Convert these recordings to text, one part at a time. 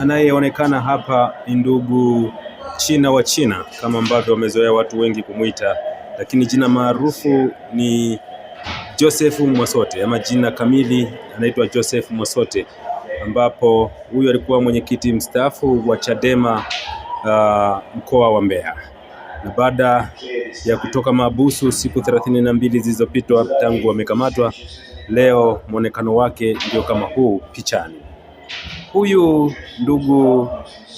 Anayeonekana hapa ni ndugu China wa China kama ambavyo wamezoea watu wengi kumwita, lakini jina maarufu ni Joseph Mwasote ama jina kamili anaitwa Joseph Mwasote, ambapo huyu alikuwa mwenyekiti mstaafu wa Chadema uh, mkoa wa Mbeya, na baada ya kutoka mahabusu siku thelathini na mbili zilizopitwa tangu amekamatwa, leo mwonekano wake ndio kama huu pichani huyu ndugu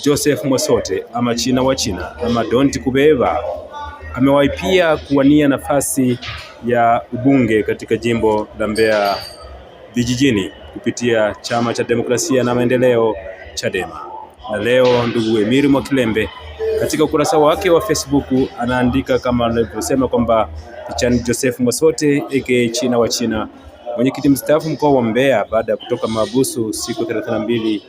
Joseph Mwasote ama China wa China ama Don't Kubeva amewahi pia kuwania nafasi ya ubunge katika jimbo la Mbeya vijijini kupitia Chama cha Demokrasia na Maendeleo Chadema. Na leo ndugu Emiri Mwakilembe katika ukurasa wake wa Facebook anaandika kama alivyosema kwamba pichani Joseph Mwasote aka China wa China Mwenyekiti mstaafu mkoa wa Mbeya baada ya kutoka mahabusu siku 32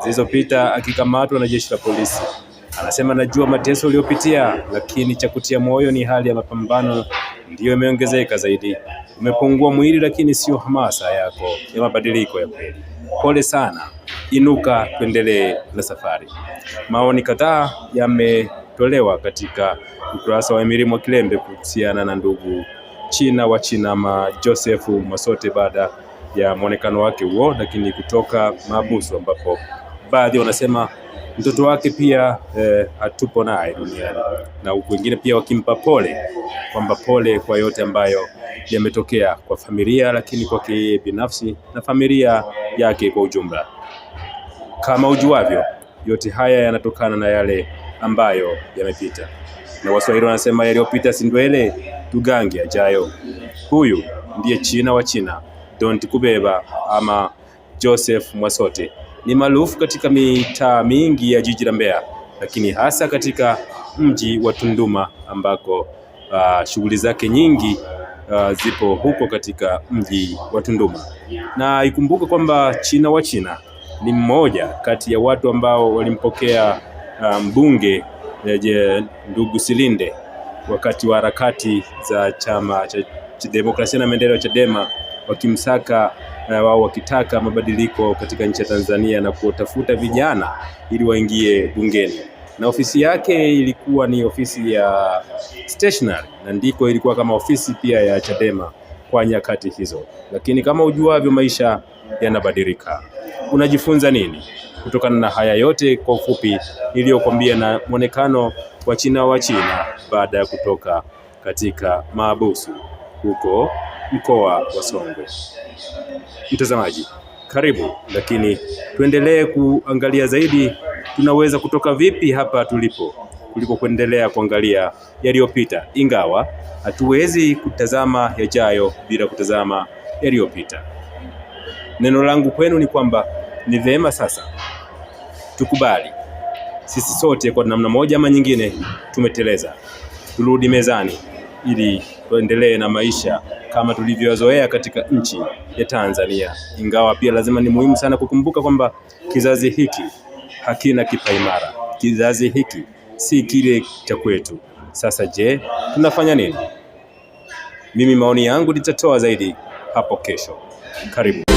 zilizopita akikamatwa na jeshi la polisi, anasema anajua mateso uliyopitia, lakini cha kutia moyo ni hali ya mapambano ndiyo imeongezeka zaidi. Umepungua mwili, lakini sio hamasa yako ya mabadiliko ya kweli. Pole sana, inuka, tuendelee na safari. Maoni kadhaa yametolewa katika ukurasa wa Emiri Mwakilembe kuhusiana na ndugu China wa China ma Joseph Masote baada ya mwonekano wake huo, lakini kutoka maabusu, ambapo baadhi wanasema mtoto wake pia eh, hatupo naye duniani, na huku wengine pia wakimpa pole kwamba pole kwa yote ambayo yametokea kwa familia, lakini kwake binafsi na familia yake kwa ujumla. Kama ujuavyo, yote haya yanatokana na yale ambayo yamepita, na Waswahili wanasema yaliyopita si ndwele tugange ajayo. Huyu ndiye China wa China Don't Kubeba ama Joseph Mwasote ni maarufu katika mitaa mingi ya jiji la Mbeya, lakini hasa katika mji wa Tunduma ambako uh, shughuli zake nyingi uh, zipo huko katika mji wa Tunduma. Na ikumbuke kwamba China wa China ni mmoja kati ya watu ambao walimpokea ah, mbunge um, ndugu Silinde wakati wa harakati za chama cha demokrasia na maendeleo Chadema wakimsaka eh, wao wakitaka mabadiliko katika nchi ya Tanzania na kuwatafuta vijana ili waingie bungeni, na ofisi yake ilikuwa ni ofisi ya stationery na ndiko ilikuwa kama ofisi pia ya Chadema kwa nyakati hizo. Lakini kama ujuavyo, maisha yanabadilika. Unajifunza nini? Kutokana na haya yote, kwa ufupi niliyokwambia na mwonekano wa China wa China baada ya kutoka katika maabusu huko mkoa wa Songwe. Mtazamaji, karibu, lakini tuendelee kuangalia zaidi tunaweza kutoka vipi hapa tulipo kuliko kuendelea kuangalia yaliyopita, ingawa hatuwezi kutazama yajayo bila kutazama yaliyopita. Neno langu kwenu ni kwamba ni vema sasa tukubali sisi sote kwa namna moja ama nyingine tumeteleza, turudi mezani ili tuendelee na maisha kama tulivyozoea katika nchi ya Tanzania, ingawa pia lazima ni muhimu sana kukumbuka kwamba kizazi hiki hakina kipaimara. Kizazi hiki si kile cha kwetu. Sasa je, tunafanya nini? Mimi maoni yangu nitatoa zaidi hapo kesho. Karibu.